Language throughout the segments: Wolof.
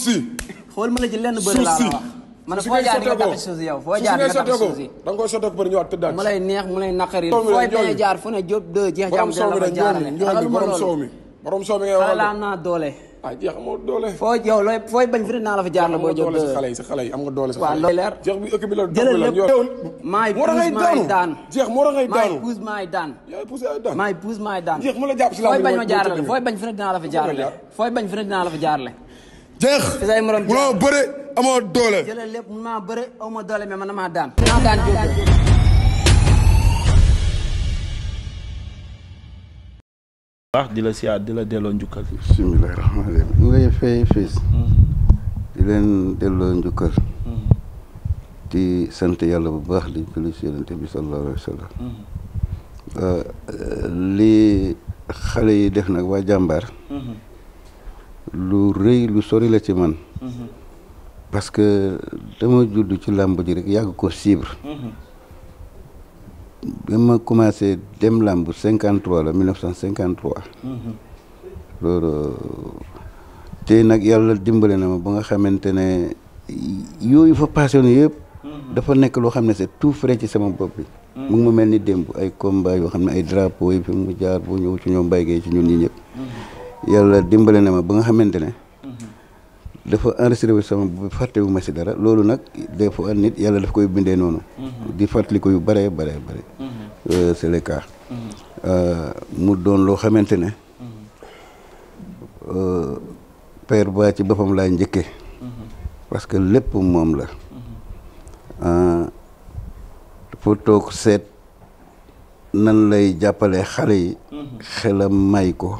si. xool ma la ci lenn bëri laa la wax man foo jaar nga tax suuf si yow foo jaar nga tax suuf si da nga koy sotteeku bëri ñëwaat tëddaat mu lay neex mu lay naqari fooy bañ a jaar fu ne jóob de jeex jàmm dina la fa jaarale xalal ma loolu borom soow mi ngay waxal xalaat naa doole ah jeex amoo doole foo yow looy fooy bañ fi naa la fa jaar la boo jóg de xale yi sa xale yi am nga doole sa xale yi leer jeex bi ëkk bi la doole la ñëw maay puus maay daan jeex moo tax ngay daanu maay puus maay daan yaay puus yaay daan maay puus maay daan jeex mu la jàpp si laa fooy bañ ma jaarale fooy bañ fi naa la fa jaarale fooy bañ fi naa la fa jaarale jeex munoo bëre amoo doole. jëlal bëre aw doole mais man maa daan. maa daan di la siyaat di la delloo njukkal. bisimilah rahmaani rahiim ñu lay fay fiis mm-hmm. di leen delloo njukkal. Mm-hmm. di sant yàlla bu baax di julli ci yonent mm-hmm. euh, euh, xale yi def nag waa jàmbaar. lu rëy lu sori la ci man mhm. parce que dama judd ci làmb ji rek yàgg ko cibre mhm. bi ma commencé dem làmb cinquante trois la mille neuf cent cinquante trois mhm. te nag yàlla dimbale na ma ba nga xamante ne yooyu fa passionné yëpp dafa nekk loo xam ne c'est tout frais ci sama bopp bi mu ma mel ni démb ay combat yoo xam ne ay drapeau yi fi mu jaar boo ñëw ci ñoom mbéygee ci ñun ñi ñëpp yàlla dimbale na ma ba nga xamante ne dafa enregistré wu sama bu fàttewu ma si dara loolu nag des fois nit yàlla daf koy bindee noonu mhm. di fàttali ko yu bare bare bare mhm. euh, c'est mhm. euh, mu doon loo xamante ne euh, père ba ci boppam laa njëkkee parce que lépp moom la dafa toog seet nan lay jàppale xale yi xelam may ko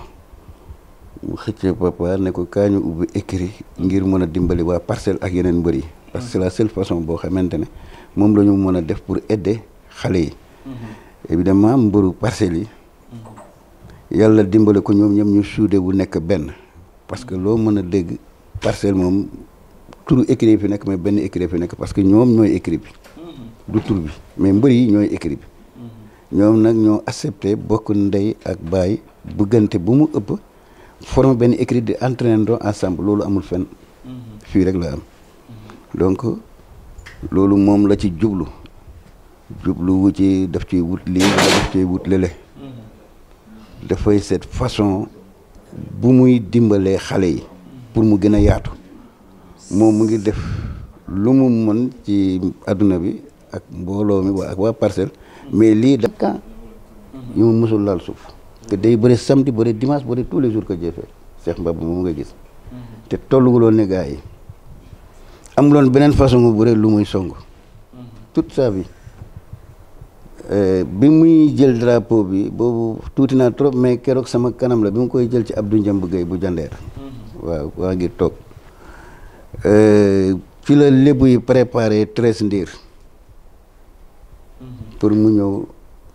mu xëccee papa ne ko kaa ñu ubbi écrit ngir mën a dimbali waa parcelle ak yeneen mbër yi. parce que c'est la seule façon boo xamante ne moom la mën a def pour aider xale yi. évidemment mbëru parcelles yi. yàlla dimbali ko ñoom ñoom ñu suude wu nekk benn. parce que loo mën a dégg parcelle moom turu écrit fi nekk mais benn écrit fi nekk parce que ñoom ñooy écrit bi. du tur bi mais mbër yi ñooy écrit bi. ñoom nag ñoo accepté bokk ndey ak baay buggante bu mu ëpp. forme benn écrit di entraîner ensemble loolu amul fenn. Mhm. fii rek la am. donc loolu moom la ci jublu jublu wu ci daf ciy wut lii wut lële. Mhm. dafay seet façon bu muy dimbalee xale yi. pour mu gën a yaatu. moom mu ngi def lu mu mën ci adduna bi ak mbooloo mi waa ak waa parcelle. Mhm. mais lii da ñu mësul laal suuf. que day bëre samedi bëre dimanche bëre tous les jours que Dieu fait Cheikh Mbaba moom nga gis. te tolluwuloon ne gars yi am beneen façon bu bëre lu muy song. toute sa vie euh, bi muy jël drapeau bi boobu tuuti naa trop mais keroog sama kanam la bi mu koy jël ci Abdou Njamb Gueye bu jandeer waaw waa ngi toog fi euh, la préparé treize ndiir pour mu ñëw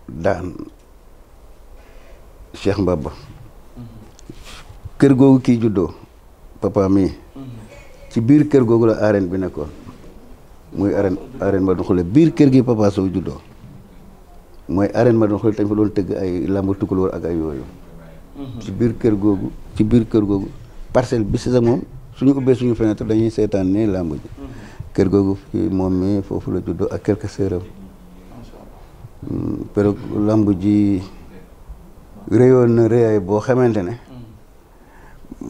daan Cheikh Mbaba kër googu kii juddoo papa mii ci biir kër googu la arène bi nekkoon muy arène arène Madoune Khoule biir kër gi papa Sow juddoo mooy arène Madoune Khoule tamit fa doon tëgg ay làmb tukulóor ak ay yooyu ci biir kër googu ci biir kër googu parcelle bi si sax moom suñu ubbee suñu fenêtre dañuy seetaan ne làmb ji kër googu fii moom mi foofu la juddoo ak kër ka séeram pero ji réyoon na réyaay boo xamante ne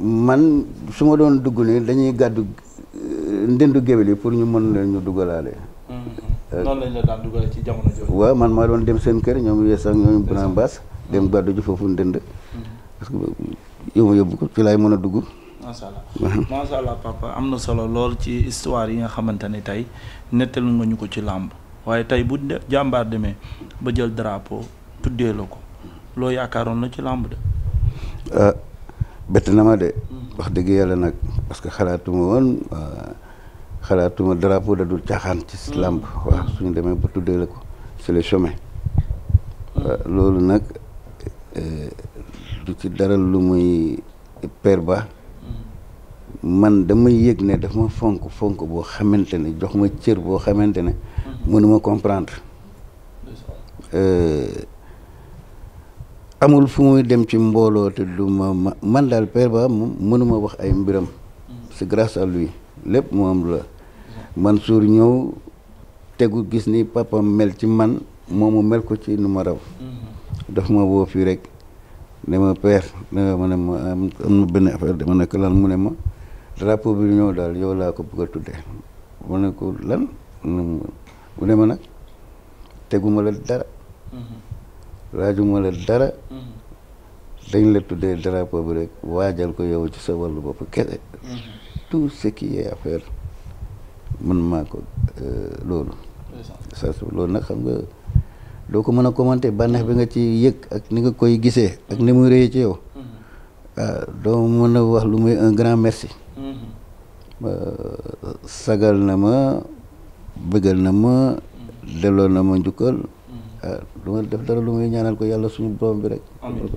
man su ma doon dugg nii dañuy gàddu euh, ndindu géwél yi pour ñu mën leen ñu duggalaale mm-hmm. noonu la daan ci jamono waaw man maa doon dem seen kër ñoom yees dem mm-hmm. gàddu ji foofu ndënd mm-hmm. yóbbu ko fi laay mën a dugg macha allah macha papa am na solo lool ci histoire yi nga xamante ni tey nettalu nga ñu ko ci làmb waaye tey bu jàmbaar demee ba jël drapeau tuddee la ko loo yaakaaroon na ci làmb de. Ah, dëgg yàlla nag parce que xalaatuma woon ah, xalaatuma drapeau da dul caaxaan ci hmm. làmb hmm. hmm. ah, loolu nag eh, du ci dara lu muy per ba man dama yëg ne dafa fonk fonk boo xamante ne jox ma cër boo xamante ne mënuma comprendre amul fu muy dem ci mbooloo te du ma man daal père ba moom mënuma wax ay mbiram c'est grâce à lui lépp moom la man suur ñëw tegu gis ni papa mel ci man moomu mel ko ci nu ma raw daf ma woo fii rek ne ma danga ma ma am na benn affaire dama ne lan mu ne ma drapeau bi ñëw daal yow laa ko bëgg a tudde ne ko lan mu ne ma nag teguma la dara mhm. laajuma la dara mm-hmm. dañ la tuddee drapeau bi rek waajal ko yow ci sa wàllu bopp kese mm-hmm. tout ce qui est affaire man maa ko euh, loolu sa loolu nag xam nga doo ko mën a commenter bànneex bi nga ci yëg ak ni nga koy gisee ak ni muy rëy ci yow mm-hmm. ah, doo mën a wax lu muy un grand merci sagal na ma bëggal na ma delloo na ma njukkal ah ma def dara lu may ñaanal ko yàlla suñu borom bi rek. amiin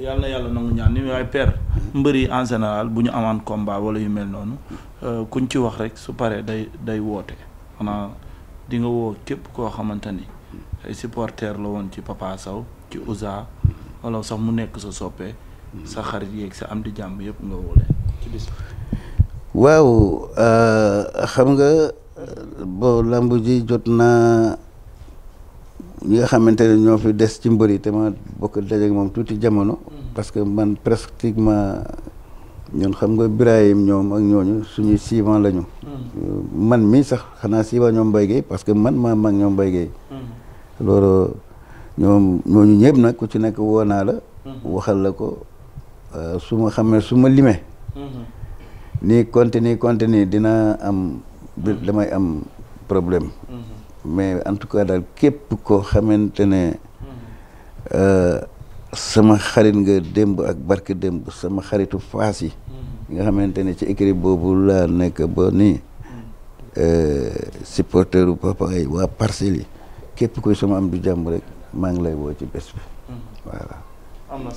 yàlla na yàlla nangu ñaan ni waaye père. mbër yi en général bu ñu amaan combat wala yu mel noonu euh, kuñ ci wax rek su paree day day woote xanaa di woo képp koo xamante ni ay la woon ci Papa ci Ouza wala sax mu nekk sa soppee sa xarit yeeg yëpp nga woolee ci euh, xam nga euh, bo lamb ji jot naa ñi nga xamante ne ñoo fi des ci mbër yi te ma bokk dajeeg moom tuuti jamono. parce que man pratiquement ñun xam nga Birahim ñoom ak ñooñu suñuy suivant lañu. Hmm. man mii sax xanaa suivant ñoom Mbaye Guèye parce que man maa mag ñoom Mbaye Guèye. Hmm. loolu ñoom ñooñu ñëpp nag ku ci nekk woo naa la. Hmm. waxal la ko euh, su ma xamee su ma limee. nii continuer continuer dina am damay am problème. mais en tout cas daal képp koo xamante ne euh, sama xarit nga démb ak barke démb sama xaritu faas yi mm. nga xamante ne ci écrit boobu laa nekk ba nii mm. euh, supporter papa ay waa parcelles yi képp koy sama am du jàmm rek maa ngi lay woo ci bés bi mm. voilà am na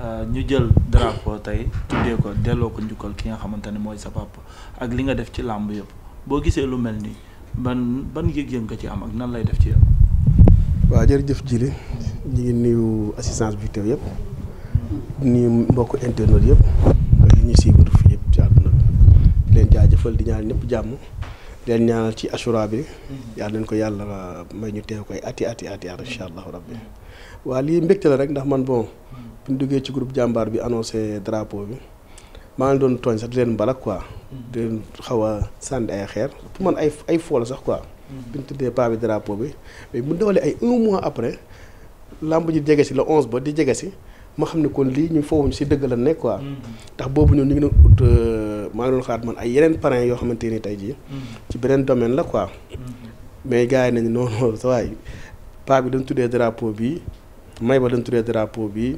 euh, ñu jël drapeau tey tuddee ko delloo ko njukkal ki nga xamante ne mooy sa papa ak li nga def ci làmb yëpp boo gisee lu mel nii ban ban yëg-yëg nga ci am ak nan lay def ci waa waaw jërëjëf Jili ñu ngi nuyu assistance bi teew yëpp nuyu mbokku internet yëpp ñu ñuy suivre yëpp ci àdduna di leen jaajëfal di ñaan ñëpp jàmm di leen ñaanal ci assura bi mm-hmm. yàlla nañ ko yàlla may ñu teew koy ati ati ati at incha allahu rabbi waaw lii mbégte la rek ndax man bon bu duggee ci group jàmbaar bi annoncé drapeau bi. maa ngi doon tooñ sax di leen mbala quoi. Mm. di leen a sànni ay xeer pour man ay ay la sax quoi. Mm. bi la onze ba di jege si ma xam ne kon lii ñu fowuñ si dëgg la nekk quoi. Mm. ndax boobu ñun ñu ngi doon ut euh, maa ngi doon xaar man ay yeneen parrains yoo xamante ni tey jii. ci beneen domaine la quoi. mais gars yi nañu noonu sa waay paa bi dañ tuddee drapeau bi may ba lañ tuddee drapeau bi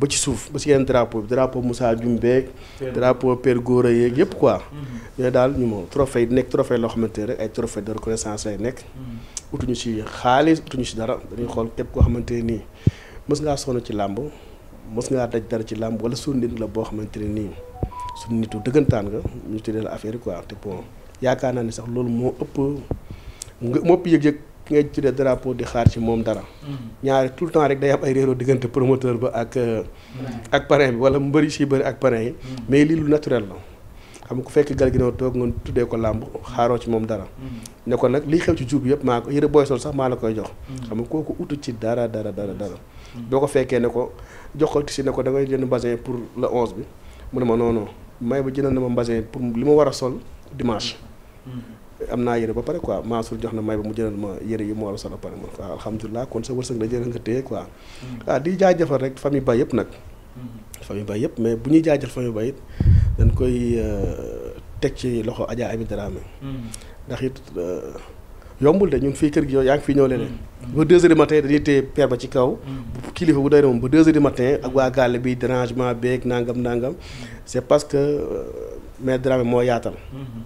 ba ci suuf ba ci yeneen drapeau bi drapeau Moussa Dioumbeek drapeau Père Gora yeeg yëpp quoi mhm. yooyu daal ñu moom trophée nekk trophée loo xamante ne rek ay trophée de reconnaissance lay nekk mhm. utuñu ci xaalis utuñu ci dara dañuy xool képp koo xamante ne nii mos ngaa sonn ci làmb mës ngaa daj dara ci làmb wala suñu la boo xamante ne nii suñu nitu dëggantaan nga ñu tuddee la affaire yi quoi yaakaar naa ni sax loolu moo ëpp nga ëpp yëg-yëg ki ngay tuddee drapeau di xaar ci moom dara. Mm-hmm. ñaari tout le temps rek day am ay réeroo diggante promoteur ba ak. Euh, mm-hmm. ak parrain bi wala mbëri si bëri ak parrain yi. Mm-hmm. mais lii lu naturel la. xam nga ku fekk gal gi noo toog nga tuddee ko làmb xaaroo ci moom dara. ne ko nag lii xew ci juub yëpp maa ko yëre booy sol sax maa la koy jox. xam nga kooku utu ci dara dara dara dara. ko fekkee ne ko jox ko si ne ko da ngay jënd basin pour le onze bi mu a ma non non may ba jëndal na ma li ma war sol dimanche. am naa yére ba pare quoi Mansour jox na may ba mu jëlal ma yére yi mu war a sol ba pare man waaw alhamdulilah kon sa wërsëg la jël nga téye quoi waaw mm-hmm. ah, di jaajëfal rek famille Ba yëpp nag mm-hmm. famille Ba yëpp mais bu ñu jaajëfal Ba it dañ koy euh, ci loxo Adja Ami Dramé mm-hmm. ndax it euh, yombul de fii kër gi yow yaa ngi fii ñëw leneen ba deux heures du matin dañuy téye père ba ci kaw kilifa bu doy na moom ba deux heures du matin ak waa gaale bi dérangement beeg nangam nangam c'est parce que euh, mais Dramé moo yaatal.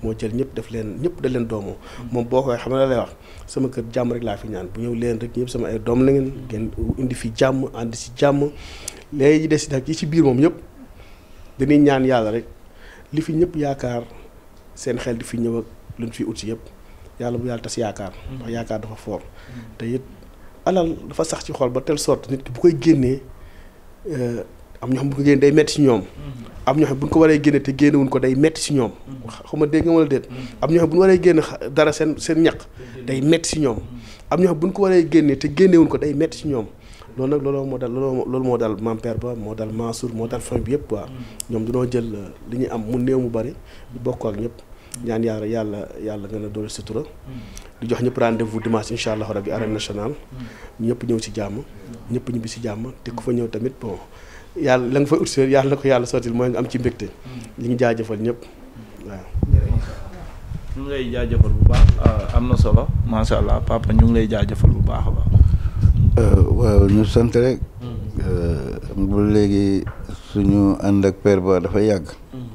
moo jël ñëpp def leen ñëpp da leen doomu. moom boo koy xam ne la lay wax sama kër jàmm rek laa fi ñaan bu ñëw leen rek ñëpp sama ay doom la ngeen ngeen fi jàmm ànd si jàmm léegi des si biir moom ñëpp dañuy ñaan yàlla rek li fi ñëpp yaakaar seen xel fi ñëw ak luñ fi ut si yëpp yàlla bu yàlla tas yaakaar. ndax yaakaar dafa foor te it alal dafa sax ci xool ba telle sorte nit bu koy génnee. Euh, am ñoo xam bu ko génne a métti si ñoom am ñoo xam bu ñu ko waree génne te génne wuñ ko day métti si ñoom xam nga dégg nga wala déet am bu ñu waree génne dara seen seen ñaq day métti si ñoom am ñoo xam bu ñu ko a génne te génne wuñ ko day métti si ñoom loolu nag loolu moo dal loolu Ba moo dal Mansour moo dal famille bi yëpp quoi ñoom dañoo jël euh, li ñuy am mu néew mu bari bokk ak ñëpp ñaan yàlla yàlla yàlla nga a doole sutura di jox ñëpp rendez-vous dimanche incha allah rabi arène nationale ñëpp ñëw ci jàmm ñëpp ñibbi ci jàmm te ku fa ñëw tamit yàlla la nga fa ut si yàlla ko yàlla sottil mooy nga am ci mbégte li ngi jaajëfal jafal waaw ñu lay jaajëfal bu baax euh, am na solo macha allah papa ñu ngi lay jaajëfal bu baax a baax euh, ñu sant hmm. euh, léegi suñu ànd ak père ba dafa yàgg hmm.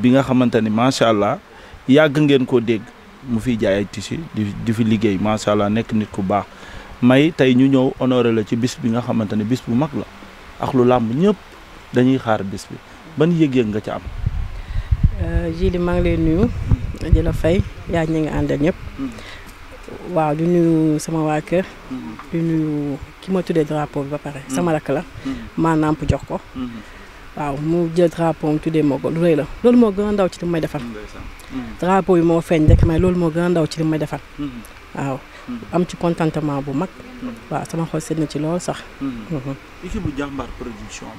bi nga xamante ni macha allah yàgg ngeen ko dégg mu fi jaay ay tissu di di fi liggéey macha allah nekk nit ku baax may tey ñu ñëw honoré la ci bis bi nga xamante ne bis bu mag la ak lu làmb ñëpp dañuy xaar bis bi ban yëg-yëg nga ci am. Euh, Jili maa ngi lay nuyu. di la fay yaa ñi nga àndal ñëpp. Mm-hmm. waaw di nuyu sama waa kër. Mm-hmm. di nuyu ki ma tuddee drapeau bi ba pare. Mm-hmm. sama rakk la. maa nàmp jox ko. waaw mu jël drapeau mu tuddee moo ko lu rëy la loolu moo gën a ndaw ci li may defal. drapeau bi moo feeñ rek mais loolu moo gën a ndaw ci li may defal. waaw. am ci contentement bu mag. waaw sama xol sedd na ci lool sax. Hmm. Mhm. équipe bu jàmbaar production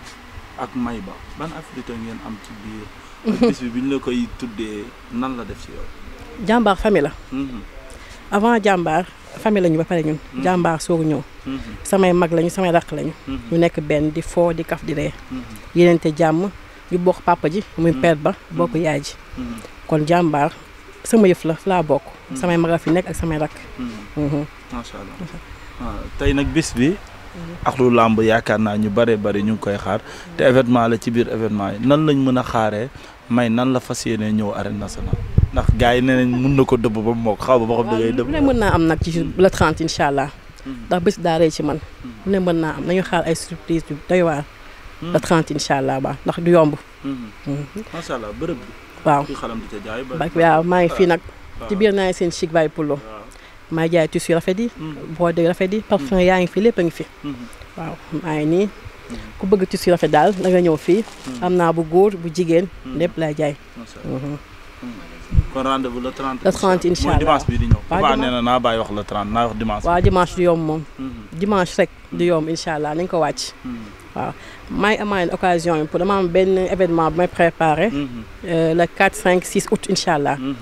ak may ba ban affinité ngeen am ci biir. Mhm. bi koy tuddee nan la def ci jàmbaar famille la. Hmm. avant jàmbaar famille lañu ba pare ñun. Hmm. jàmbaar soogu ñëw. samay mag lañu samay raq lañu. ñu nekk benn di foo di kaf di ree. yeneen jàmm ñu bokk papa ji. muy père ba bokk yaay ji. kon jàmbaar sama yëf la laa bokk. Hmm. samay maga fi nekk ak samay rakk. Hmm. Hmm. Ah, tey nag bis bi. ak lu làmb yaakaar naa ñu bare bëri ñu ngi koy xaar te événement la ci biir événement yi nan lañ mën a xaaree may nan la fas yéenee ñëw arène nationale ndax gars yi nee nañ mën na ko dëbb ba mu mokk xaw ba xam da ngay dëbb. waaw mën naa am nag ci le 30 incha allah. ndax bi daa rëy ci man. mu ne mën naa am nañu xaar ay surprise yu doy waar. le 30 incha ndax du yomb. macha waaw waaw maa ngi fii ah. nag ah. ci biir naa seen chic bay pulo maa jaay tissu rafet yi hmm. broderie rafet yi parfum hmm. yaa ngi fi lépp a ngi fi hmm. waaw maa ngi nii ku bëgg tissu rafet daal da nga ñëw fii am naa bu góor bu jigéen lépp laay jaay mhm. kon rendez-vous le 30. le 30 incha allah dimanche waaw dimanche du yomb moom. dimanche rek du yomb incha allah nañ ko wàcc. waaw maa ngi amaale occasion yi pour dama am benn événement bu may préparé. Mhm. Euh, le 4 5 6 août incha allah. Mhm.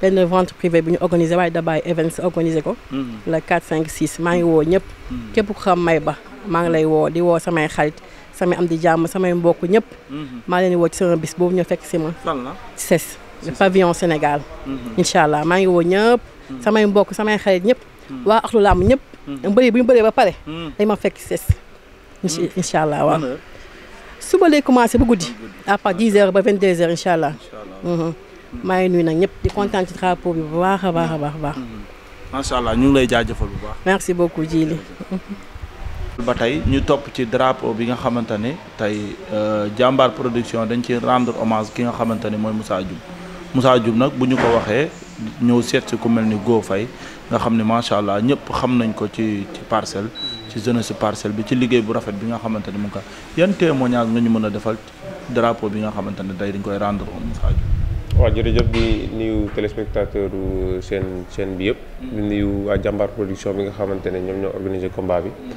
benn vente privée bi ñu organisé waaye Dabaye Events organisé ko. Mhm. le 4 5 6 maa ngi woo ñëpp. képp ku xam may ba maa ngi lay woo di woo samay xarit samay am di jàmm samay mbokk ñëpp. maa leen woo ci sama bis boobu ñu fekk si ma. ses le pavillon Sénégal. incha allah maa ngi woo ñëpp. samay mbokk samay xarit ñëpp. waa axlu làmb ñëpp. mbëri bu ñu bëree ba pare. dañ ma fekk ses. incha hmm. allah waaw. suba lay commencé ba guddi. à part 10 heures ba 22 heures incha allah. Mhm. maa ngi nuyu nag ñëpp di kontaan ci drapeau bi bu baax a baax a baax a baax. Hmm. macha allah ñu ngi lay jaajëfal bu baax. merci beaucoup Djily. ba tey ñu topp ci drapeau bi nga xamante ne tey euh, jàmbaar production dañ ci rendre hommage ki nga xamante ne mooy Moussa Dioum Moussa Dioum nag bu ñu ko waxee ñëw seet si ku mel ni goo Faye nga xam ne macha allah ñëpp xam nañ ko ci ci parcelle ci jeunesse parcelle bi ci liggéey bu rafet bi nga xamante ne mu ngi ko yan témoignage nga ñu mën a defal drapeau bi nga xamante ne day dañ koy rendre waaw jërëjëf di nuyu téléspectateur seen chaîne bi yëpp. Mm. di waa jàmbaar production bi nga xamante ne ñoom ñoo organisé combat bi. Mm.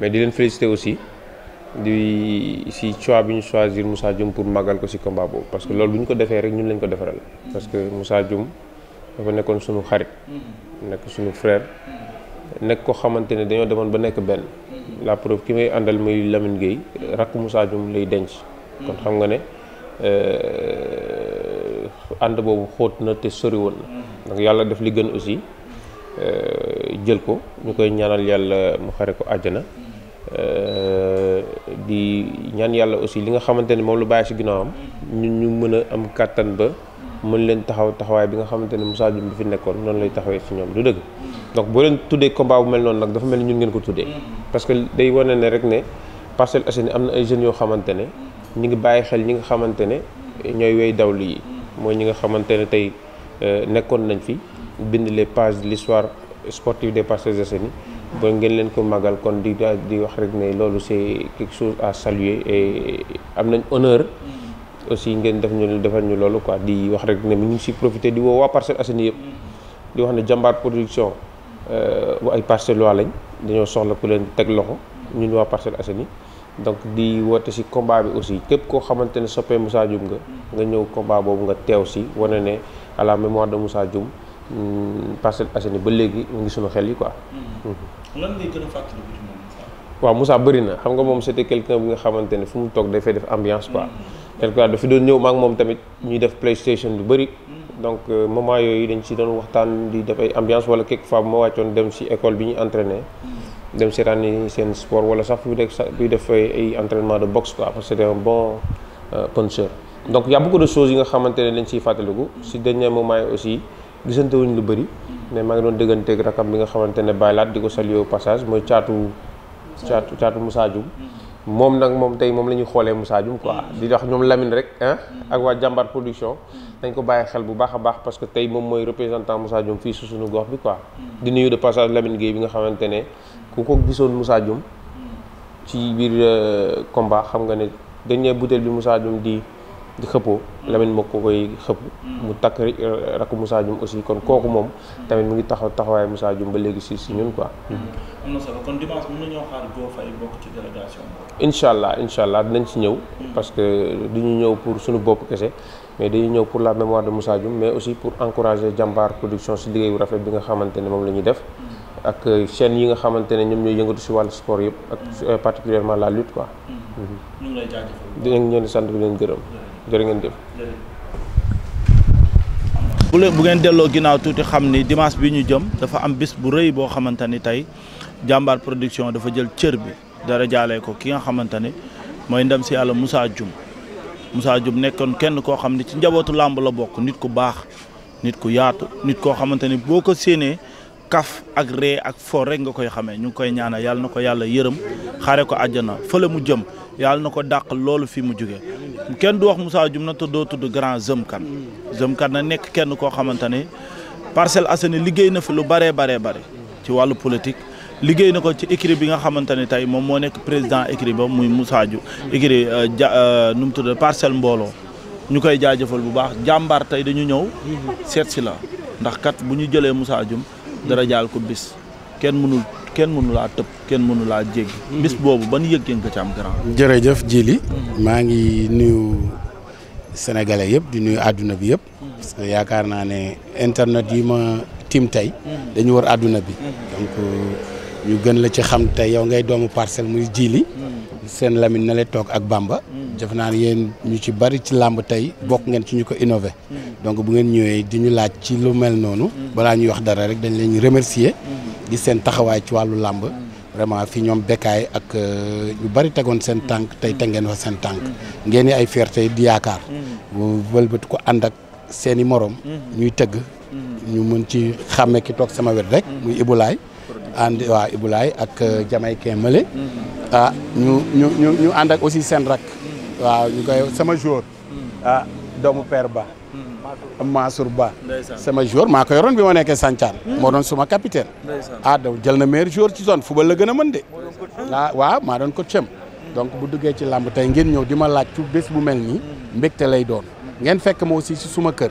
mais di leen féliciter aussi di si choix bi ñu choisir Moussa Dioum pour màggal ko si combat boobu parce que loolu bu ñu ko defee rek ñun lañ ko defaral. Mm. parce que Moussa Dioum dafa nekkoon suñu xarit. nekk suñu frère. nekk ko xamante ne dañoo demoon ba nekk benn la preuve ki may àndal muy Lamine géey rakk Moussa Dioum lay denc kon xam nga ne euh, ànd boobu xóot na te sori woon na donc yàlla def li gën aussi euh, jël ko ñu koy ñaanal yàlla mu xare ko àjjana euh, di ñaan yàlla aussi li nga xamante ne moom lu bàyyi si ginnaawam ñun ñu mën a am kàttan ba mën leen taxaw taxawaay bi nga xamante ne Moussa Dioum fi nekkoon noonu lay taxawee si ñoom du dëgg donc boo leen tuddee combat bu mel noonu nag dafa mel ni ñun ngeen ko tuddee. parce que day ne rek ne Parcelles Assainies am na ay jeunes yoo xamante ne ñu ngi bàyyi xel ñi nga xamante ne ñooy wey dawlu yi. mooy ñi nga xamante ne tey euh, nekkoon nañ fi bind les pages de l'histoire sportive des Parcelles Assainies ba ngeen leen ko màggal kon di di wax rek ne loolu c'est quelque chose à saluer et am nañu honneur. aussi ngeen def ñu defal ñu loolu quoi di wax rek ne mi ngi si profité di woo waa Parcelles Assainies yëpp. di wax ne jàmbaar production. Euh, ay Parcelles waa lañ dañoo soxla ku leen teg loxo ñu ñun waa Parcelles Assainies donc di woote si combat bi aussi képp koo xamante ne soppee Moussa Dioum nga nga ñëw combat boobu nga teew si wane ne à la mémoire de Moussa Dioum mm, Parcelles Assainies ba léegi mu ngi sunu xel yi quoi. Mm-hmm. lan ngay gën a waaw Moussa bëri na xam nga moom c'était quelqu'un bi nga xamante ne fu mu toog dafay def ambiance quoi. Mm-hmm. quelque part dafi doon ñëw maak moom tamit ñuy def PlayStation lu bëri. Mm-hmm. donc euh, moment yooyu dañu ci doon waxtaan di def ay ambiance wala quelque fois bu ma wàccoon dem si école bi ñu entraîné. dem seetaani seen sport wala sax buy def buy def ay entraînement de boxe quoi parce que c'était un bon euh, puncheur. donc y a de choses yi nga xamante ne dañ ciy fàttaliku si dernier moment yi aussi gisante wuñ lu bëri. mais maa ngi doon dégganteeg rakam bi nga xamante ne bàyyilaat di ko saluer au passage mooy caatu. caatu caatu Moussa Dioum moom nag moom tey moom la ñuy xoolee Moussa Dioum quoi di wax ñoom lamin rek ak waa Jàmbaar production. dañ ko bàyyi xel bu baax a baax parce que tey moom mooy représentant Moussa Dioum fii su suñu gox bi quoi. di nuyu de passage Lamine Gueye bi nga xamante ne ku ko gisoon Moussa Dioum. ci biir euh, combat xam nga ne dañ ne butéel bi Moussa Dioum di. di xëppoo Lamine moo ko koy xëpp mm. mu takk rakk Moussa Dioum aussi kon kooku moom mm. tamit mu ngi taxaw taxawaay Moussa Dioum ba léegi si si ñun quoi. Mm. am incha allah incha allah dinañ si ñëw. parce que duñu ñëw pour suñu bopp kese mais dañuy ñëw pour la mémoire de Moussa Dioum mais aussi pour encourager jàmbaar production si liggéeyu rafet bi nga xamante ne moom la ñuy def. ak euh, chaîne yi nga xamante ne ñoom ñooy yëngatu si wàllu sport yëpp. ak euh, particulièrement la lutte quoi. Mm-hmm. ñu ngi lay jaajëfal. sant di leen gërëm. jërë ngeen jëf. bu leen bu ngeen delloo ginnaaw tuuti xam ni dimanche bi ñu jëm dafa am bis bu rëy boo xamante ni tey jàmbaar production dafa jël cër bi dara jaalee ko ki nga xamante ni mooy ndem si yàlla Moussa Dioum musaa Dioum nekkoon kenn koo xam ne ci njabootu làmb la bokk nit ku baax nit ku yaatu nit koo xamante ni boo ko séenee. kaf ak ree ak for rek nga koy xamee ñu ngi koy ñaanal yal na ko yàlla yërëm xaare ko àjjana la mu jëm yal na ko dàq loolu fi mu jóge kenn du wax Moussa Dioum na te doo tudd grand zëmkan kan na nekk kenn koo xamante ne Parcelles Assainies liggéey na fi lu baree baree bare ci wàllu politique liggéey na ko ci écurie bi nga xamante ne tey moom moo nekk président écurie ba muy Moussa Dioum écurie euh, ja euh, nu mu tudd Parcelles mbooloo ñu koy jaajëfal bu baax jàmbaar tey dañu ñëw seet si la ndax kat bu ñu jëlee Moussa dara jaal ko bis kenn mënul kenn mënu laa tëb kenn mënu laa jéggi. bis boobu ban yëg yëg nga ci am grand. jërëjëf Djily. Mm-hmm. maa ngi nuyu sénégalais yëpp di nuyu àdduna bi yëpp. Mm-hmm. parce que yaakaar naa ne internet yi ma tim tey. Mm-hmm. dañu war àdduna bi. donc ñu gën la ci xam tey yow ngay doomu parcelle muy Djily. seen Lamine na lay toog ak Bamba. Mm. defe naa ne yéen ñu ci bari ci làmb tey bokk ngeen ci ñu ko innové. Mm. donc bu ngeen ñëwee di ñu laaj ci lu mel noonu. Mm. balaa ñuy wax dara rek dañ leen remercier. di seen taxawaay ci wàllu làmb. vraiment fi ñoom bekkaay ak euh, ñu bari tegoon seen tànk tey te ngeen fa seen tànk. ngeen ay fierté di yaakaar. bu wëlbati ko ànd ak seen i morom. ñuy tëgg. ñu mën ci xàmme ki toog sama wet rek. muy Ibou ànd waa Ibulaay ak euh, Jamaïcain Mële mm-hmm. ah ñu ñu ak aussi seen rak mm-hmm. waaw ñu koy sama jour mm-hmm. ah doomu père Ba Mansour Ba sama joueur maa yoroon bi ma nekkee Santhiane moo doon suma capitaine ah daw jël na meilleur joueur ci zone football la gën a mën de ah waaw maa doon coach am donc bu duggee ci làmb tey ngeen ñëw di ma laaj ci bés bu mel nii mbégte lay doon ngeen fekk ma aussi si suma kër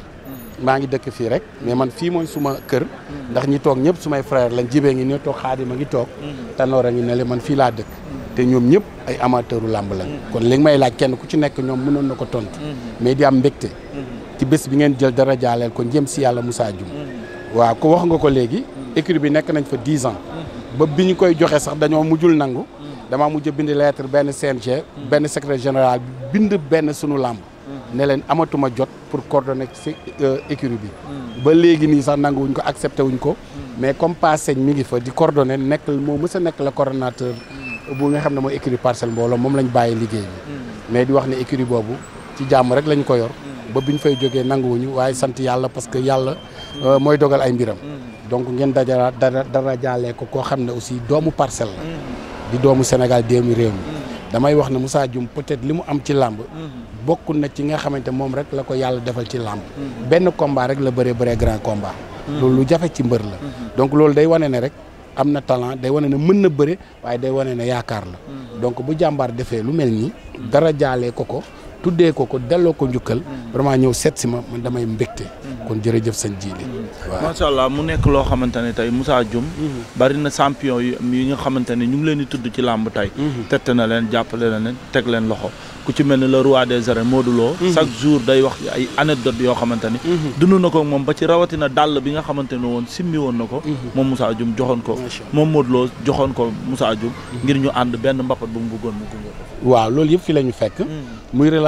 maa ngi dëkk fii rek mais man fii mooy suma kër ndax ñi toog ñëpp sumay frère lañ jibee ngi ne toog xaadima ngi toog tanoor a ngi ne le man fii laa dëkk te ñoom ñëpp ay amateuru làmb lañ kon li may laaj kenn ku ci nekk ñoom mënoon na ko tontu mais di am mbégte ci bés bi ngeen jël dara jaaleel ko jëm si yàlla Moussa Dioum waaw ko wax nga ko léegi écurie bi nekk nañ fa dix ans ba bi ñu koy joxe sax dañoo mujjul nangu dama mujj bind lettre benn CNG benn secrétaire général bind benn sunu làmb ne leen amatuma jot pour coordonner ci euh, écurie bi. Hmm. ba léegi nii sax nangu wuñ ko accepté wuñ ko. Hmm. mais comme Passe Sène mi ngi fa di coordonner nekk moo mës a nekk la coordonnateur. Hmm. bu nga xam ne mooy écurie parcelle mbooloo moom lañ bàyyi liggéey bi. mais di wax ne écurie boobu ci jàmm rek lañ ko yor. ba biñ fay jógee nanguwuñu waaye sant yàlla parce que yàlla. Euh, mooy dogal ay mbiram. donc ngeen dajaraat dara dara jaalee ko koo xam ne aussi doomu parcelle la. di doomu Sénégal déemu réew mi. damay wax ne Moussa Dioum peut-être li mu am ci làmb mhm. bokk na ci nga xamante moom rek la ko yàlla defal ci làmb mhm. benn combat rek la bëree bëre grand komba mhm. loolu lu jafe ci mbër la donc loolu day wane ne rek am na talant day wane ne mën na bëre waaye day wane ne yaakaar la donc bu jàmbaar defee lu mel nii dara jaalee ko ko tuddee ko ko delloo ko njukkal. Mm. vraiment ñëw seet si ma man damay mbégte. Mm. kon jërëjëf sëñ Jili. Mm. waaw macha allah mu nekk loo xamante ne tey Moussa Dioum. bari na champion yi nga xamante ne ñu ngi leen di tudd ci làmb tey. tette na leen jàppale na leen teg leen loxo ku ci mel ne le roi des arènes Modou Lo. chaque jour day wax ay anecdote yoo xamante ni. dund na ko moom ba ci rawatina dàll bi nga xamante ne woon simmi woon na ko. moom Moussa jum joxoon ko. moom Modou Lo joxoon ko Moussa Dioum. ngir ñu ànd benn mbapat bu mu ko.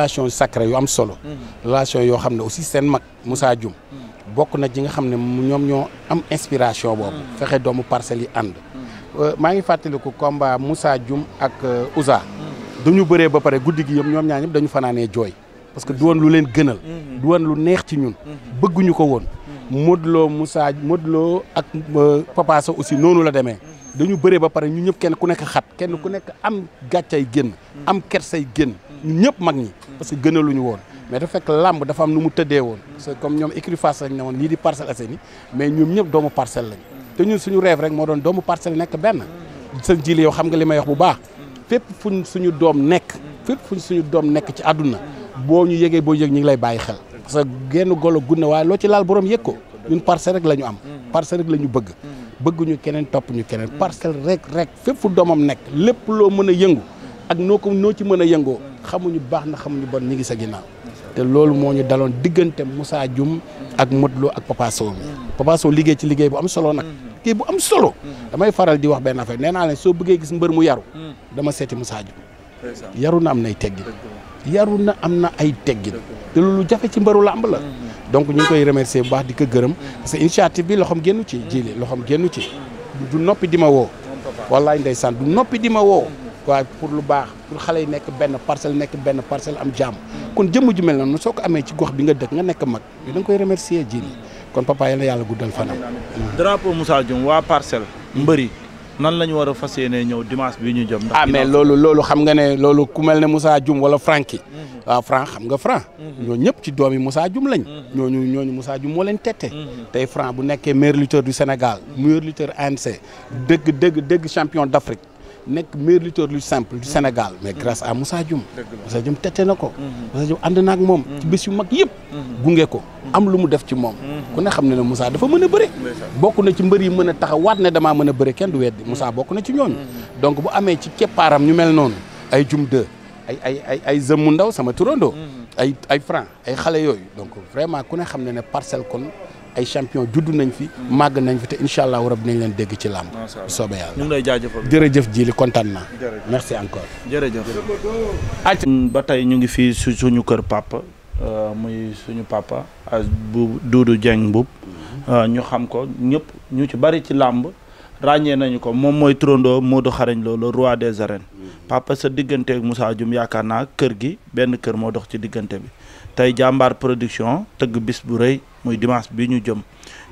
relation sacré yu am solo mm-hmm. relation yoo xam ne aussi seen mag Moussa Dioum mm-hmm. bokk na ji nga xam ne ñoom ñoo am inspiration boobu mm-hmm. fexe doomu parcelles yi ànd euh, maa ngi fàttaliku combat Moussa Dioum ak euh, Ouza dañu bëree ba pare guddi gi yëpp ñoom ñaa ñëpp dañu fanaanee jooy parce que du woon lu leen gënal du woon lu neex ci ñun bëgguñu ko woon Modou loo Moussa Modou loo ak euh, Papa Sow aussi noonu la demee dañu bëree ba pare ñu ñëpp kenn ku nekk xat kenn ku nekk am gàccay génn am kersay génn ñu ñëpp mag ñi parce que woon mais dafa fekk làmb dafa am nu mu tëddee woon parce que comme ñoom écurie Fass lañ ne woon mais ñoom ñëpp doomu parcel lañ te ñun suñu rêve rek moo doon doomu parcelle nekk benn sa jili yow xam nga li may wax bu baax fépp fuñ suñu doom nekk fépp fuñ suñu doom nekk ci àdduna boo ñu yëgee boo yëg ñu ngi lay bàyyi xel parce que genn golo gunna waaye loo ci laal borom yëg ko ñun parcelle rek la ñu am parcelle rek la ñu bëgg bëgguñu keneen topp ñu keneen parcelle rek rek fépp fu doomam nekk lépp loo mën a yëngu ak noo ko noo ci mën a yëngoo xamuñu baax na xamuñu bon ñi ngi sa ginnaaw te loolu moo ñu daloon diggante Moussa Dioum ak Modou Lo ak Papa mi Papa liggéey ci liggéey bu am solo nag liggéey bu am solo damay faral di wax benn affaire nee naa leen soo bëggee gis mbër mu yaru dama seeti Moussa Dioum yaru na am na nay teggin yaru na am na ay teggin te lu jafe ci mbëru làmb la donc ñu ngi koy remercier bu baax di ko gërëm parce que initiative bi loxoom génnu ci jili loxoom génnu ci du noppi di ma woo wallaay ndeysaan du noppi di ma woo waaye pour lu baax pour xale yi nekk benn parcelle nekk benn parcelle am jàmm. kon jëmm ju mel noonu soo ko amee ci gox bi nga dëkk nga nekk mag da nga koy remercier ji kon papa yàlla yàlla guddal fana drapeau musa Dioum waa parcelle mbëri nan la ñu war a fas yéenee ñëw dimanche bi ñu jëm. ah loolu loolu xam nga ne loolu ku mel ne Moussa Dioum wala Franck yi. Mhm. waaw ah, Franck xam mhm. ñooñu ñëpp ci doomi Moussa jum lañ. Mhm. ñooñu ñooñu Moussa Dioum moo leen tette. tey fran bu nekkee meilleur lutteur du Sénégal. meilleur lutteur ANC. dëgg dëgg dëgg champion d'Afrique. nekk meilleur lutteur lu simple du Sénégal mais grâce à Moussa Dioum Moussa Dioum tete na ko mhm. Moussa Dioum ànd naak moom ci mhm. bés yu mag yëpp mhm. gunge ko am lu mu def ci moom ku ne xam ne ne Moussa dafa mën a bëre bokk na ci mbër yi mën a taxawaat ne damaa mën a bëre kenn du weddi mussa bokk na ci ñooñu donc bu amee ci keppaaram ñu mel noonu ay jum deux ay ay ay ay zëmmu ndaw sama turandoo ay ay franc ay xale yooyu donc vraiment ku ne xam ne ne parcelle kon ay champion judd nañ fi màgg nañ fi te incha allah rab nañ leen dégg ci làmb soobee yàlla ñu ngi lay jaajëfal jërëjëf jii li kontaan naa merci encore jërëjëf ba tey ñu ngi fii su suñu kër papa euh, muy suñu papa bu dudu Dieng Mboub euh, ñu xam ko ñëpp ñu ci bari ci làmb ràññee nañu ko moom mooy turandoo Modou Xarañ Lo le roi des arènes papa sa digganteeg Moussa Dioum yaakaar naa kër gi benn kër moo dox ci diggante bi tey jàmbaar production tëgg bis bu rëy muy dimanche bi ñu jëm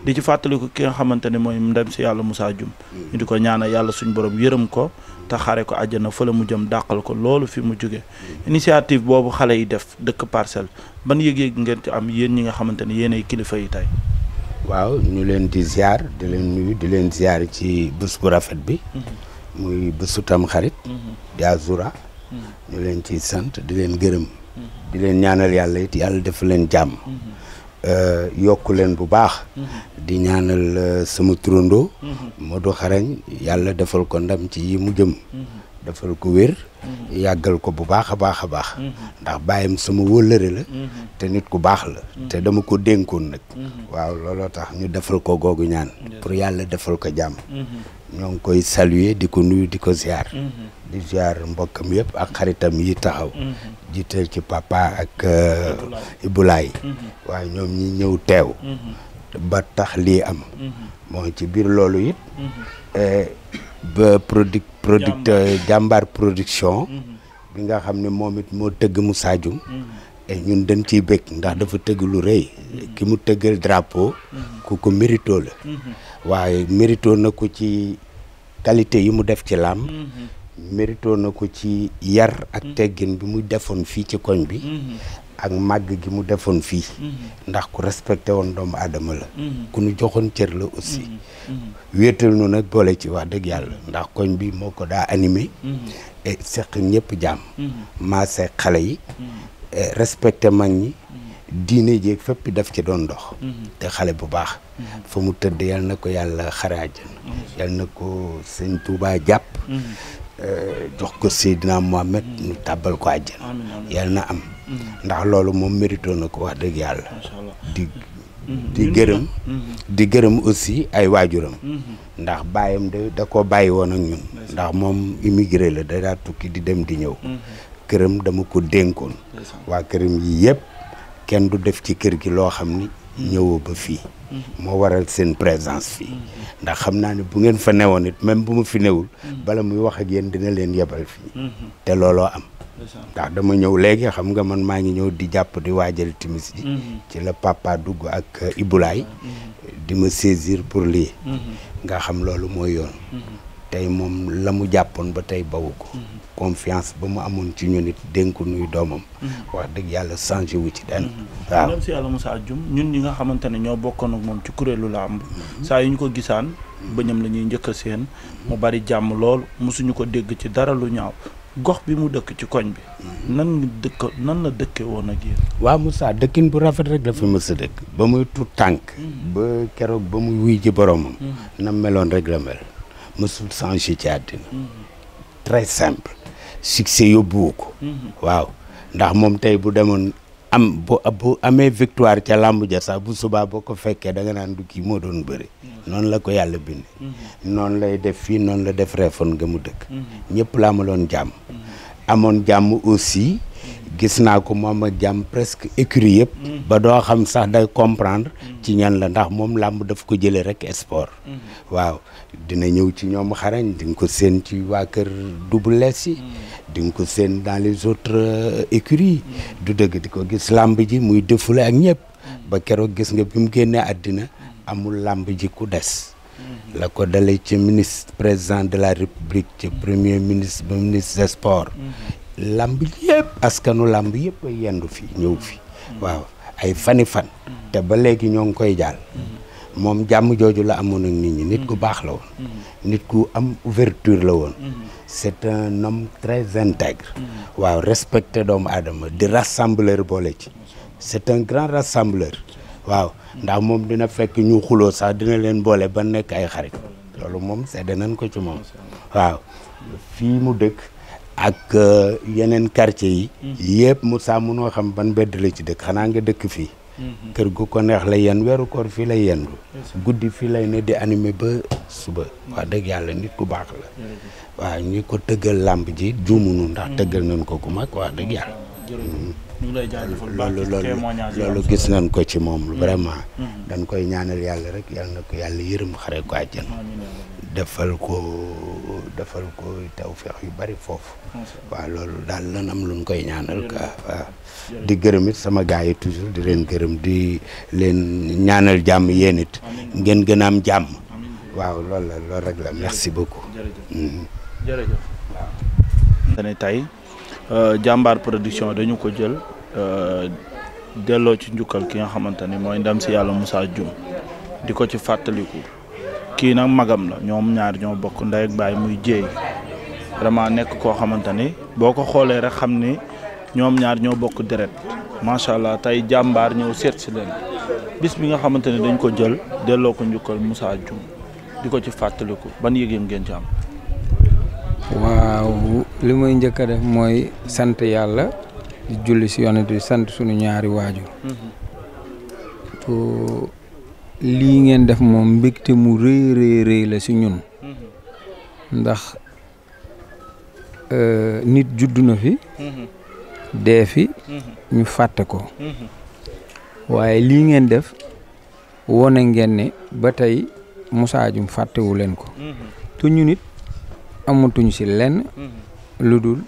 di ci fàttaliku ki nga xamante ne mooy ndem si yàlla Moussa jum mm. ñu di ko ñaana yàlla suñ borom yërëm ko te xare ko àjjana fële mu jëm dàqal ko loolu fi mu jóge mm. initiative boobu xale yi def dëkk parcelle ban yëg-yëg ngeen ci am yéen ñi nga xamante ne yéenay kilifa yi tey waaw ñu leen di ziar di leen di leen ziar ci bés bu rafet bi mm-hmm. muy bësu tam mm-hmm. di Azura. Mm-hmm. ñu leen ci sant di leen gërëm. Mm-hmm. di leen ñaanal yàlla it yàlla def leen jàmm. Euh, yokku leen bu baax. di ñaanal euh, sama turandoo. Modou Xarañ yàlla defal ko ndam ci yi mu jëm. ko wér. yàggal ko bu baax a baax a baax ndax bàyyam sama wóllëre la te nit ku baax la te dama ko dénkoon nag waaw looloo tax ñu defal ko googu ñaan pour yàlla defal ko jàmm ñoo ngi koy saluer di ko nuyu di ko ziar di ziar mbokkam yëpp ak xaritam yi taxaw jiital ci papa ak euh, ibulaay waaye ñoom ñi ñëw teew ba tax lii am bon ci biir loolu it mm-hmm. euh, ba produc producteur jàmbaar production mm-hmm. bi nga xam ne moom it moo tëgg mu Saajum mm-hmm. et ñun dañ ciy bëgg ndax dafa tëgg lu rëy mm-hmm. ki mu tëgg drapo ku ko mérito la waaye mérito na ko ci qualité yi mu def ci làmb mérito na ko ci yar ak teggin bi mu defoon fii ci koñ bi ak màgg gi mu defoon fii mm-hmm. ndax ku respecte woon doomu aadama la mm-hmm. ku ñu joxoon cër la aussi mm-hmm. wéetal nu nag boole ci wax dëgg yàlla ndax koñ bi moo ko daa animé et seq ñëpp jàmm maase xale yi respecté mag ñi diine jéeg fépp daf ci doon dox te xale bu baax fa mu tëdd yal na ko yàlla xare àjjana yal na ko sëñ Tuubaa jàpp euh, jox ko Seydina Mohamed ñu tàbbal ko àjjana yal na am ndax loolu moom mérito na ko wax dëgg yàlla. di mhm. di gërëm. Mhm. di gërëm aussi ay waajuram. Mhm. ndax baayam da da koo bàyyi woon ak ñun. ndax moom immigré la da daa tukki di dem di ñëw. këram dama ko dénkoon. waa këram yi yëpp kenn du def ci kër gi loo xam ni. ñëwoo ba fii. moo waral seen présence fii. ndax xam naa ni bu ngeen fa newoon it même bu ma fi newul. bala muy wax ak yéen dina leen yebal fii. te looloo am. ndax dama ñëw léegi xam nga man maa ngi ñëw di jàpp di waajal timis ji mhm. ci la papa dugg ak euh, ibulaay mhm. di ma saisir pour lii mhm. nga xam loolu mooy yoon tey moom la mu jàppoon ba tey bawu ko confiance ba mu amoon ci ñun it dénku nuy doomam wax dëgg yàlla changé wu ci den waaw même si yàlla Moussa Dioum ñun ñi nga xamante ne ñoo bokkoon ak moom ci kuréelu làmb saa yu ñu ko gisaan bëñam la ñuy njëkk a seen mu bari jàmm lool mosuñu ko dégg ci dara lu ñaaw gox bi mu dëkk ci koñ bi mhm. nan dëkk nan la dëkke woon ak yéen waaw Moussa dëkkin bu rafet rek la fi mës a dëkk ba muy tout tànk mhm. ba keroog ba muy wuy ji boromam mhm. na meloon rek la mel mësul changé ci àddina très simple succès yóbbuwu ko waaw ndax moom tey bu demoon am bu bu amee victoire ca làmb ja sax bu subaa boo ko fekkee da nga naan du kii moo doon bëri noonu la ko yàlla bind mhm. noonu lay def fii noonu la def reefon nga mu dëkk mhm. ñëpp la amaloon jàmm mhm. amoon jàmm aussi gis naa ko moom ak jàmm presque écurie yëpp. Mm. ba doo xam sax day comprendre. Mm. ci ñan la ndax moom làmb daf ko jëlee rek sport. Mm. waaw dina ñëw ci ñoom xarañ di ko seen ci waa kër Double Less yi. di nga ko seen dans les autres euh, écuries yi. du dëgg di ko gis lamb ji muy défule ak ñëpp. ba keroog gis nga bi mu génnee àddina amul lamb ji ku des. Mm-hmm. la ko dalee ci ministre président de la république ci premier ministre ba ministre des làmb yëpp askanu làmb yëpp ay yendu fii ñëw fi waaw ay fani fan te ba léegi ñoo ngi koy jaal moom jàmm jooju la amoon ak nit ñi nit ku baax la woon nit ku am ouverture la woon c'est un homme très intègre waaw respecte doomu aadama di rassembleur boole ci c'est un grand rassembleur waaw ndax moom dina fekk ñu xuloo sax dina leen boole ba nekk ay xarit loolu moom sedd nañ ko ci moom waaw fii mu dëkk ak euh, yeneen quartier yi mm-hmm. yëpp Moussa mënoo xam ban mbedd la ci dëkk xanaa nga dëkk fii mm-hmm. kër gu ko neex la yenn weeru koor fii la yenn guddi fii lay ne di anime ba suba mm-hmm. wax dëgg yàlla nit ku baax la waaw ñi ko dëggal làmp ji juumunu ndax dëggal nañ ko ku mag wax dëgg yàlla loolu loolu gis nañ ko ci moom lu vraiment dañ koy ñaanal yàlla rek yàlla na ko yàlla yërëm xare ko àjjana defal ko defal ko tawfeex yu bari foofu waaw loolu daal lan am luñ koy ñaanal quoi waaw di gërëm sama gaa yi toujours di leen gërëm di leen ñaanal jàmm yéen it ngeen gën a am jàmm waaw loolu la loolu rek la merci beaucoup jërëjëf mm-hmm. waaw ne euh, jàmbaar production dañu ko jël euh, delloo ci njukkal ki nga xamante ni mooy ndam si yàlla Moussa Dioum di ko ci fàttaliku kii nag magam la ñoom ñaar ñoo bokk ndey ak baay muy jéey vraiment nekk koo xamante ni boo ko xoolee rek xam ni ñoom ñaar ñoo bokk deret macha allah tey jàmbaar ñëw seet si leen bis bi nga xamante ni dañ ko jël delloo ko njukkal Moussa Dioum di ko ci fàttaliku ban yëg-yëg ngeen ci am. waaw li muy njëkk a def mooy sant yàlla julli si yonent bi sant suñu ñaari waajur. lii ngeen def moom mbégte mu rëy rëy rëy la si ñun. Mhm. ndax Euh, nit juddu fi. Mhm. dee fi. Mhm. ñu fàtte ko. Mhm. waaye lii ngeen def wone ngeen ne ba tey musaajum fàttewu leen ko. te ñu nit amatuñ si lenn. lu dul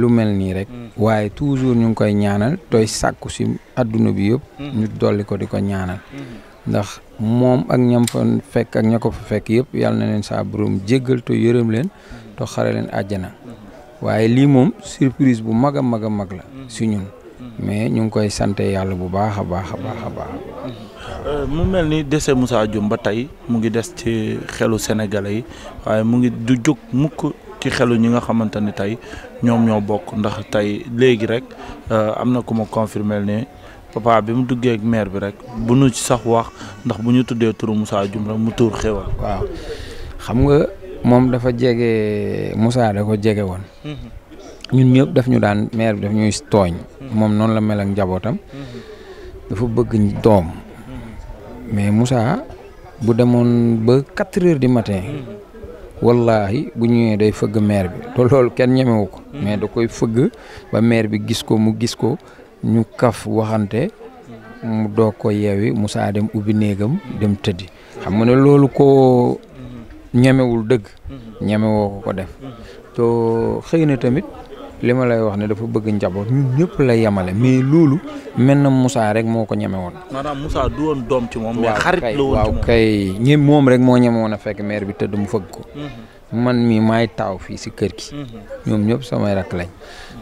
lu mel nii rek. waaye toujours ñu ngi koy ñaanal tooy sàkku si adduna bi yëpp. ñu dolli ko di ko ñaanal. ndax moom ak ñam fa fekk ak ña ko fa fekk yëpp yàlla na leen saa borom jéggal te leen. te xare leen àjjana. waaye lii moom surprise bu mag a mag a mag la mm-hmm. si ñun mm-hmm. mais ñu ngi koy sante yàlla bu baax a baax a baax a mm-hmm. euh, mu mel ni décès Moussa Dioum ba tey mu ngi des ci xelu sénégalais yi waaye mu ngi du jóg mukk ci xelu ñi nga xamante ni tey ñoom ñoo bokk ndax tey léegi rek euh, am na ku ma confirmer ne papa bi mu duggee ak maire bi rek bu nu ci sax wax ndax bu ñu tuddee turu Moussa jum rek mu tuur xewal. waaw xam nga moom dafa jege Moussa da ko jege woon. ñun ñëpp daf ñu daan maire bi daf ñuy tooñ. moom noonu la mel ak njabootam. dafa bëgg doom. mais Moussa bu demoon ba quatre heures du matin. wallahi bu ñëwee day fëgg maire bi te loolu kenn ñemewu ko. mais da koy fëgg ba maire bi gis ko mu gis ko ñu kaf waxante. mu doog ko yeewi Moussa dem ubbi néegam dem tëddi. xam ne loolu ko ñemewul dëgg mm-hmm. ñemewoo ko ko def mm-hmm. to xëy na tamit li ma lay wax ne dafa bëgg njaboot ñun ñëpp la yemale mais loolu mel na musaa rek moo ko ñeme woon. maanaam Moussa du woon doom ci moom. mais xarit la woon waaw moom rek moo ñeme a fekk maire bi tëdd mu fëgg ko. Mm-hmm. man mi maay taaw fii si kër gi. ñoom ñëpp samay rakk lañ.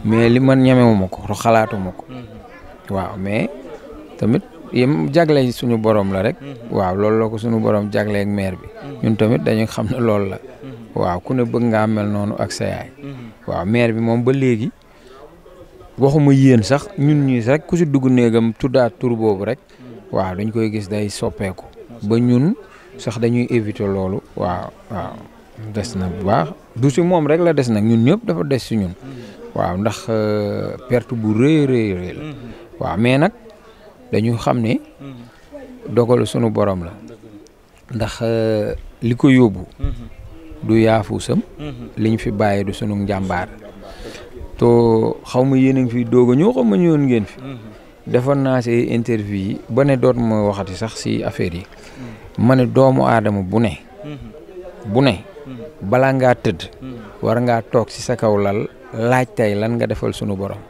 mais li man ñemewuma ko xalaatuma ko. waaw mais tamit yim jagle suñu boroom la rek. Mhm. waaw loolu la ko suñu borom jagleeg maire bi. Mhm. ñun tamit dañu xam ne loolu la. Mhm. waaw ku ne bëgg ngaa mel noonu ak sa yaay. waaw maire bi moom ba léegi waxuma yéen sax ñun ñii rek ku si dugg néegam tuddaat tur boobu rek. waaw dañ koy gis day soppeeku. ba ñun sax dañuy éviter loolu. waaw des na bu baax du si moom rek la des nag ñun ñëpp dafa des si ñun. waaw ndax euh, perte bu rëy rëy rëy la. waaw mais nag. dañu xam ni dogalu sunu borom la ndax euh, li ko yóbbu du yaafuusam liñ fi bàyyi du sunu njàmbaar to xaw ma yéen a ngi fi doog a ñëw ma ñëwoon ngeen fi defoon naa si interview yi ba ne doot ma waxati sax si affaire yi ma ne doomu aadama bu ne bu ne balaa ngaa tëdd war ngaa toog ci sa kaw lal laaj tey lan nga defal sunu borom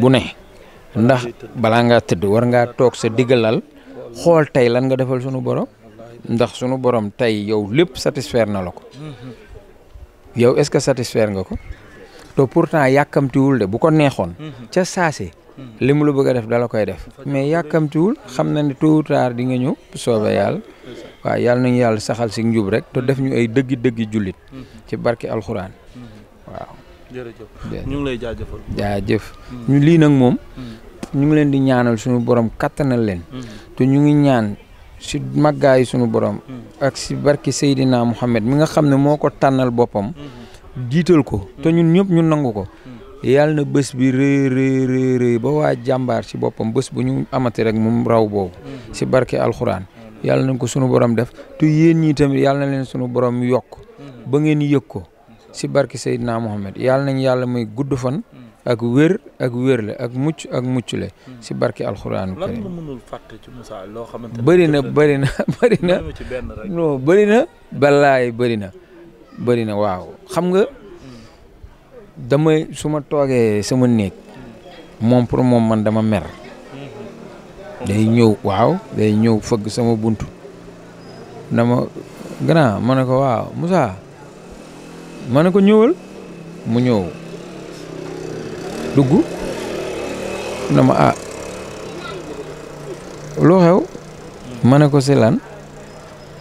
bu ne ndax balaa ngaa tëdd war ngaa toog sa diggalal xool tey lan nga defal sunu borom ndax sunu borom tey yow lépp satisfaire na la ko yow est-ce que satisfaire nga ko te pourtant yàkkamtiwul de bu ko neexoon ca saase li mu la bëgg a def dala koy def mais yàkkamtiwul xam na ne tôt ou tard di nga ñëw soobe yàlla waaw yàlla nañu yàlla saxal si njub rek te def ñu ay dëggi dëggi jullit ci barki alxuraan waaw jërëjëf ñu ngi lay jaajëfal. jaajëf hmm. ñu lii nag moom. Hmm. ñu ngi leen di ñaanal suñu borom kattanal leen. Hmm. te ñu ngi ñaan si màggaayu suñu borom. ak si barki Seydina Mouhamed mi nga xam ne moo ko tànnal boppam. jiital ko te ñun ñëpp ñu nangu ko. yàlla na bés bi rëy rëy ba waa jàmbaar si boppam bés bu ñu amati rek moom raw boobu. si barki alxuraan. yàlla nañ ko sunu borom def yéen ñii tamit yàlla leen sunu borom yokk. ba ngeen yëg ko. si barki Seydina Mohamed yàlla nañ yàlla may gudd fan. Hmm. ak wér ak wér la ak mucc ak mucc la. Hmm. si barki alxuraanu karim. lan nga mënul fàtte ci Moussa loo xamante ne bëri na bëri na bëri na non bëri na balaay bëri na bëri na waaw xam nga. Hmm. damay suma toogee sama néeg moom pour moom man dama mer. day ñëw waaw day ñëw fëgg sama bunt dama gannaaw ma ko waaw Moussa. ma ne ko ñëwal mu ñëw dugg na ma ah loo xew ma ne ko si lan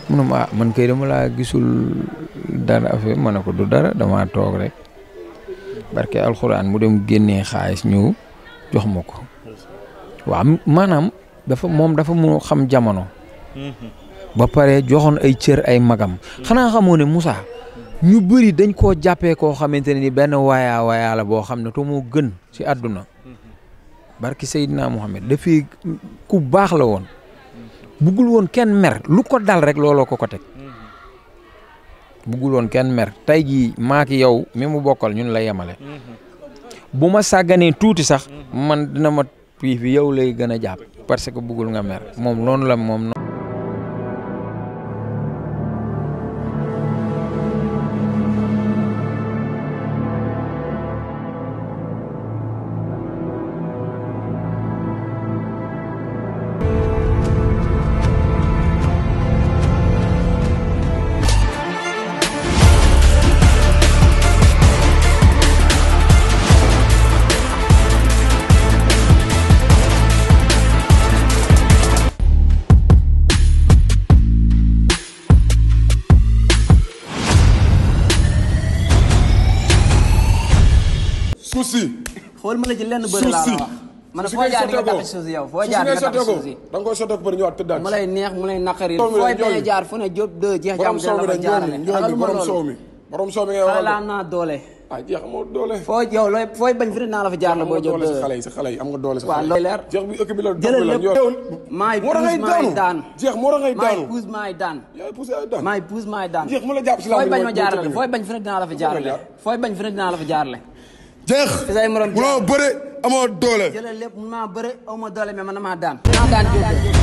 mu ah man kay dama laa gisul dara affaire ma ne ko du dara dama toog rek barke alxuraan mu dem génnee xaalis ñëw jox ma ko waa maanaam dafa moom dafa mu xam jamono mm-hmm. ba pare joxoon ay cër ay magam mm-hmm. xanaa xamoo ne Moussa ñu bëri dañ koo jàppee koo xamante ni benn waayaa waayaa la boo xam ne te moo gën ci àdduna barki Seydina Mohamed dafay ku baax la woon buggul woon kenn mer lu ko dal rek looloo ko ko teg buggul woon kenn mer tey jii maaki yow mi mu bokkal ñun la yemale bu ma sàgganee tuuti sax man dina ma fii fi yow lay gën a jàpp parce que buggul nga mer moom noonu la moom wala mën la wax man foo jaar di nga tax da nga koy sottoo bëri ñëwaat tëddaat mu lay neex mu lay naqari fooy bañ jaar fu ne jóob de jeex jaam dina la fa jaarale xamal ma loolu borom soow mi ngay wax xale am naa doole ah jeex amoo doole foo yow looy fooy jaar la boo jóob de maay puus maay daan fooy bañ ma jaarale fooy bañ fi dinaa la fa jaarale fooy jeex fi say morom mënoo bëre amoo doole jëlal lépp mun maa bëre aw ma doole mais man maa daan maa daan